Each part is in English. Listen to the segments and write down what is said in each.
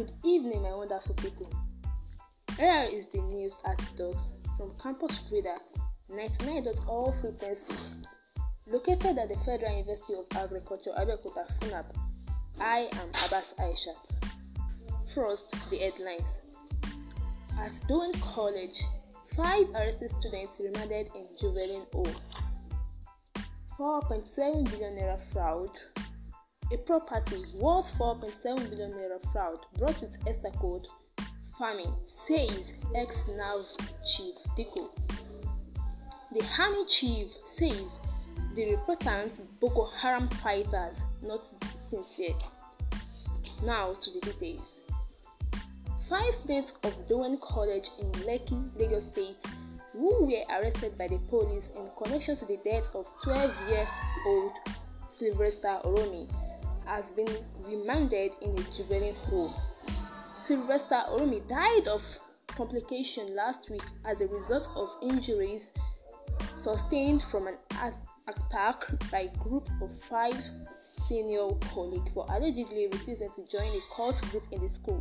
Good evening, my wonderful people. Here is the news at Dogs from Campus Radar 99.all frequency, located at the Federal University of Agriculture, Abeokuta, Funab. I am Abbas Aishat. First, the headlines. At Doan College, five arrested students remanded in juvenile O. 4.7 billion naira fraud a property worth 4.7 billion naira fraud brought with Esther Code farming, says ex NAV chief Diko. The army chief says the reportants Boko Haram fighters not sincere. Now to the details. Five students of Dowen College in Lekki, Lagos State, who were arrested by the police in connection to the death of 12-year-old Sylvester Oromi, has been remanded in a juvenile home. Sylvester Orumi died of complication last week as a result of injuries sustained from an attack by a group of five senior colleagues for allegedly refusing to join a cult group in the school.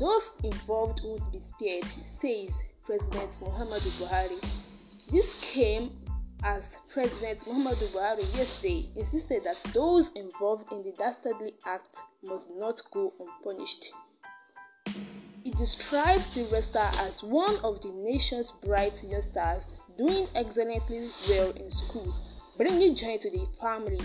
Those involved would be spared, says President Muhammadu Buhari. This came as President Muhammadu Buhari yesterday insisted that those involved in the dastardly act must not go unpunished. he describes Sylvester as one of the nation's bright youngsters doing excellently well in school, bringing joy to the family,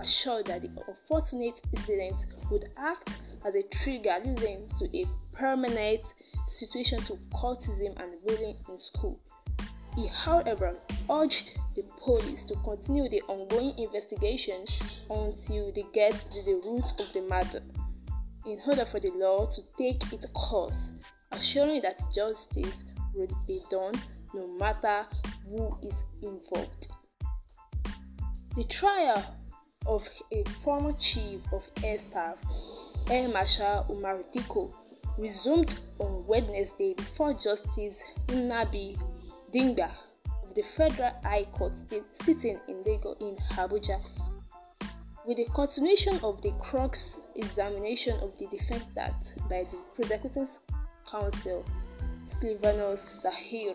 assured that the unfortunate incident would act as a trigger leading to a permanent situation to cultism and bullying in school, he, however, urged the police to continue the ongoing investigation until they get to the root of the matter in order for the law to take its course, assuring that justice would be done no matter who is involved. The trial of a former chief of air staff, Air Marshal Umar Diko, resumed on Wednesday before Justice Unabi Dinga of the Federal High Court sitting in Lagos in Abuja. With the continuation of the crux examination of the defense that by the prosecuting counsel Sylvanus Zahir,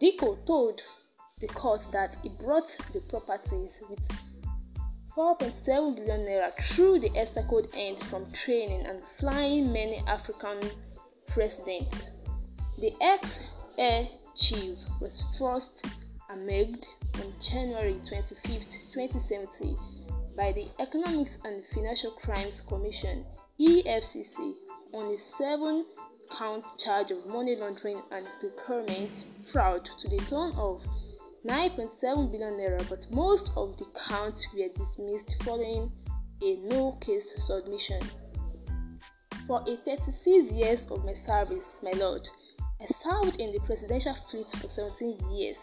Diko told the court that he brought the properties with 4.7 billion naira through the Esther Code end from training and flying many African presidents. The ex air was first amegged on January 25, 2070 by the Economics and Financial Crimes Commission EFCC on a seven count charge of money laundering and procurement fraud to the tune of 9.7 billion naira, but most of the counts were dismissed following a no case submission. For a 36 years of my service, my lord, I served in the presidential fleet for 17 years.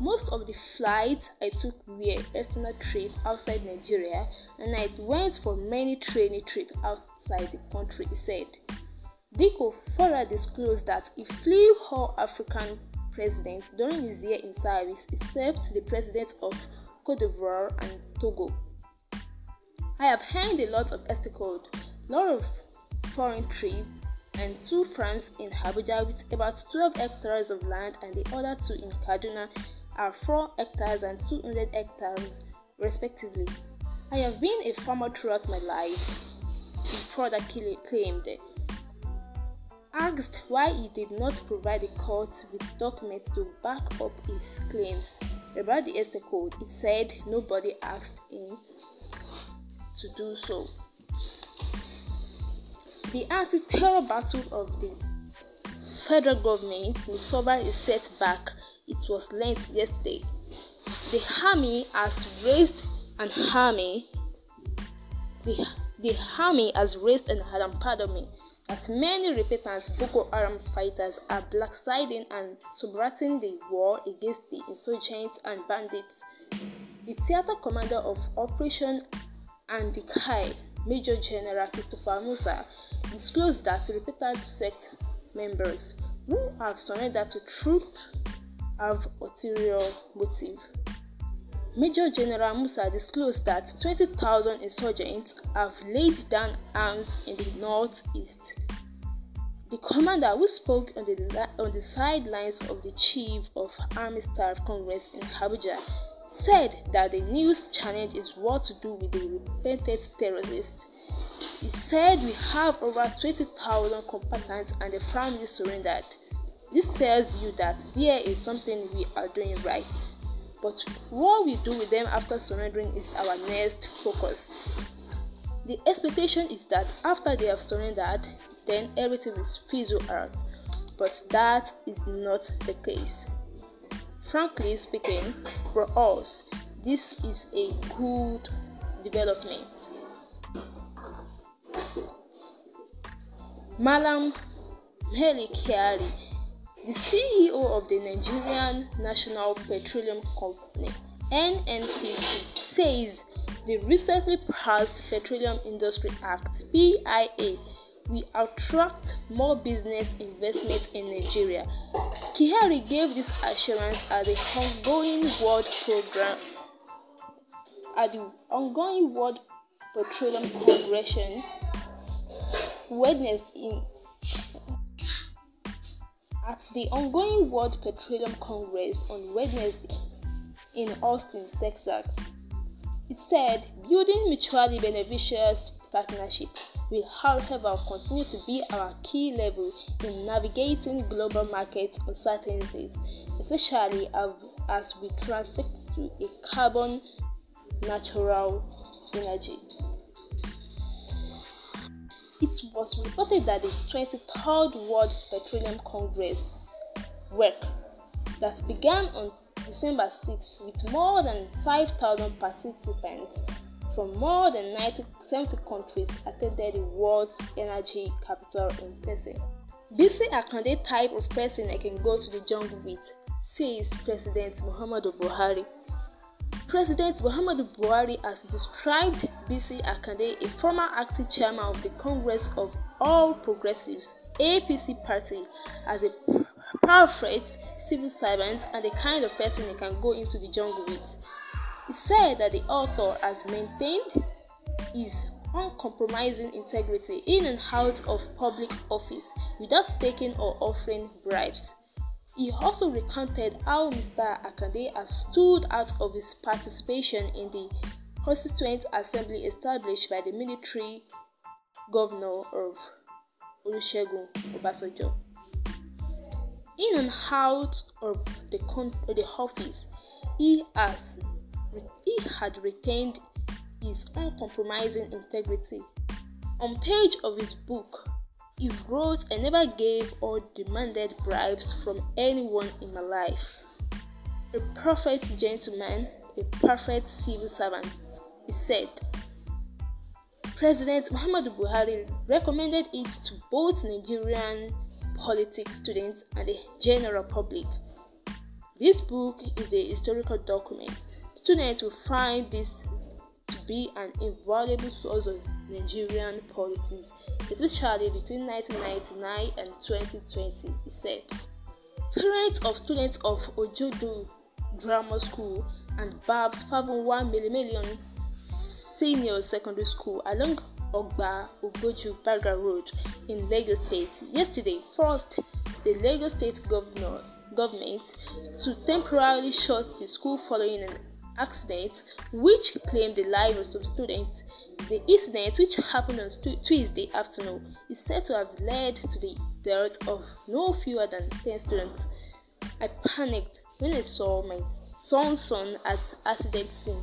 Most of the flights I took were external trips outside Nigeria, and I went for many training trips outside the country, he said. Diko further disclosed that he flew all African presidents during his year in service, except the presidents of Cote d'Ivoire and Togo. I have heard a lot of a lot of foreign trips, and two farms in Abuja with about 12 hectares of land and the other two in Kaduna are 4 hectares and 200 hectares respectively. I have been a farmer throughout my life, he further claimed. Asked why he did not provide the court with documents to back up his claims about the estate code, he said nobody asked him to do so. The anti-terror battle of the federal government in Soba is set back. It was learnt yesterday. The army has raised an army. The, the army has raised an alarm, pardon me, as many repentant Boko Haram fighters are blacksiding and subverting the war against the insurgents and bandits. The theater commander of Operation Andikai Major General Christopher Musa disclosed that repeated sect members who have surrendered to truth have ulterior motive. Major General Musa disclosed that 20,000 insurgents have laid down arms in the northeast. The commander who spoke on the, on the sidelines of the Chief of Army Staff Congress in Abuja said that the news challenge is what to do with the repented terrorists. He said we have over 20,000 combatants and the family surrendered. This tells you that there is something we are doing right. But what we do with them after surrendering is our next focus. The expectation is that after they have surrendered, then everything is fizzle out. But that is not the case. Frankly speaking, for us, this is a good development. Malam Melikiari, the CEO of the Nigerian National Petroleum Company (NNPC), says the recently passed Petroleum Industry Act (PIA) we attract more business investment in Nigeria. Kihari gave this assurance at the ongoing World Program at the ongoing World Petroleum Congress Wednesday in at the ongoing World Petroleum Congress on Wednesday in Austin, Texas. It said building mutually beneficial partnership will, however, continue to be our key level in navigating global market uncertainties, especially as we transit to a carbon natural energy. It was reported that the 23rd World Petroleum Congress work that began on December 6 with more than 5,000 participants from more than 90 70 countries attended the world's Energy Capital in person. BC Akande type of person I can go to the jungle with, says President Muhammadu Buhari. President Muhammadu Buhari has described BC Akande, a former active chairman of the Congress of All Progressives APC party, as a perfect civil servant and the kind of person he can go into the jungle with. He said that the author has maintained is uncompromising integrity in and out of public office without taking or offering bribes. He also recounted how Mr. Akande has stood out of his participation in the constituent assembly established by the military governor of Olusegun Obasanjo. In and out of the, con- the office, he has he had retained his uncompromising integrity. On page of his book, he wrote, I never gave or demanded bribes from anyone in my life. A perfect gentleman, a perfect civil servant, he said. President Muhammadu Buhari recommended it to both Nigerian politics students and the general public. This book is a historical document. Students will find this be an invaluable source of Nigerian politics, especially between 1999 and 2020, he said. Parents of students of Ojodu Grammar School and Babs 501 Million Senior Secondary School along Ogba Ogoju Barga Road in Lagos State yesterday forced the Lagos State governor government to temporarily shut the school following an accident which claimed the lives of students. The incident, which happened on Tuesday afternoon, is said to have led to the death of no fewer than 10 students. I panicked when I saw my son's son at accident scene,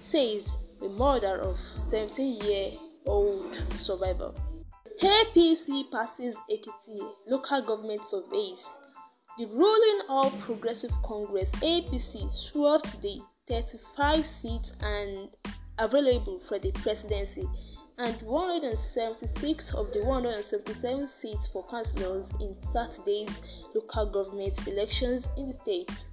says the mother of 17-year-old survivor. APC passes Ekiti, local government surveys the ruling All Progressive Congress APC swerved today 35 seats and available for the presidency and 176 of the 177 seats for councillors in Saturday's local government elections in the state.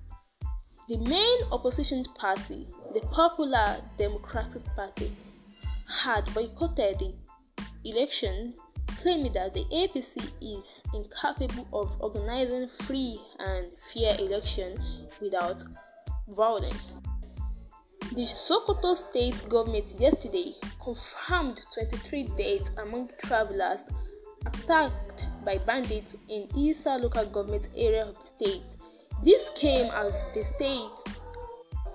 The main opposition party, the Popular Democratic Party, had boycotted the elections claiming that the APC is incapable of organizing free and fair elections without violence. The Sokoto state government yesterday confirmed 23 deaths among travelers attacked by bandits in Isa local government area of the state. This came as the state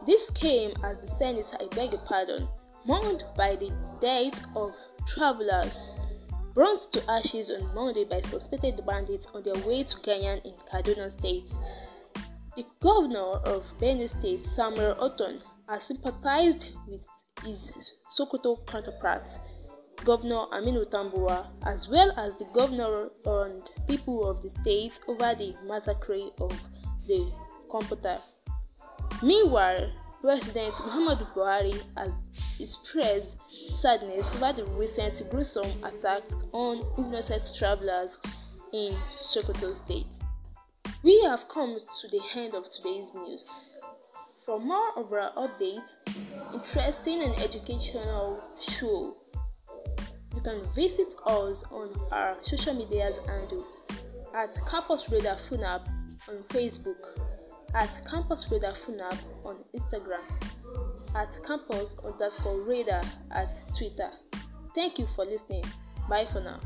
this came as the senator, I beg your pardon, mourned by the death of travelers burnt to ashes on Monday by suspected bandits on their way to Ghanaian in Kaduna State. The governor of Benue State, Samuel Oton, has sympathized with his Sokoto counterpart, Governor Aminu Tambua, as well as the governor and people of the state over the massacre of the computer. Meanwhile, President Muhammadu Buhari has expressed sadness over the recent gruesome attack on innocent travelers in Sokoto State. We have come to the end of today's news. For more of our updates, interesting and educational show, you can visit us on our social media handle at Campus Radar Funab on Facebook at Campus Radar Funab on Instagram, at Campus underscore Radar at Twitter. Thank you for listening. Bye for now.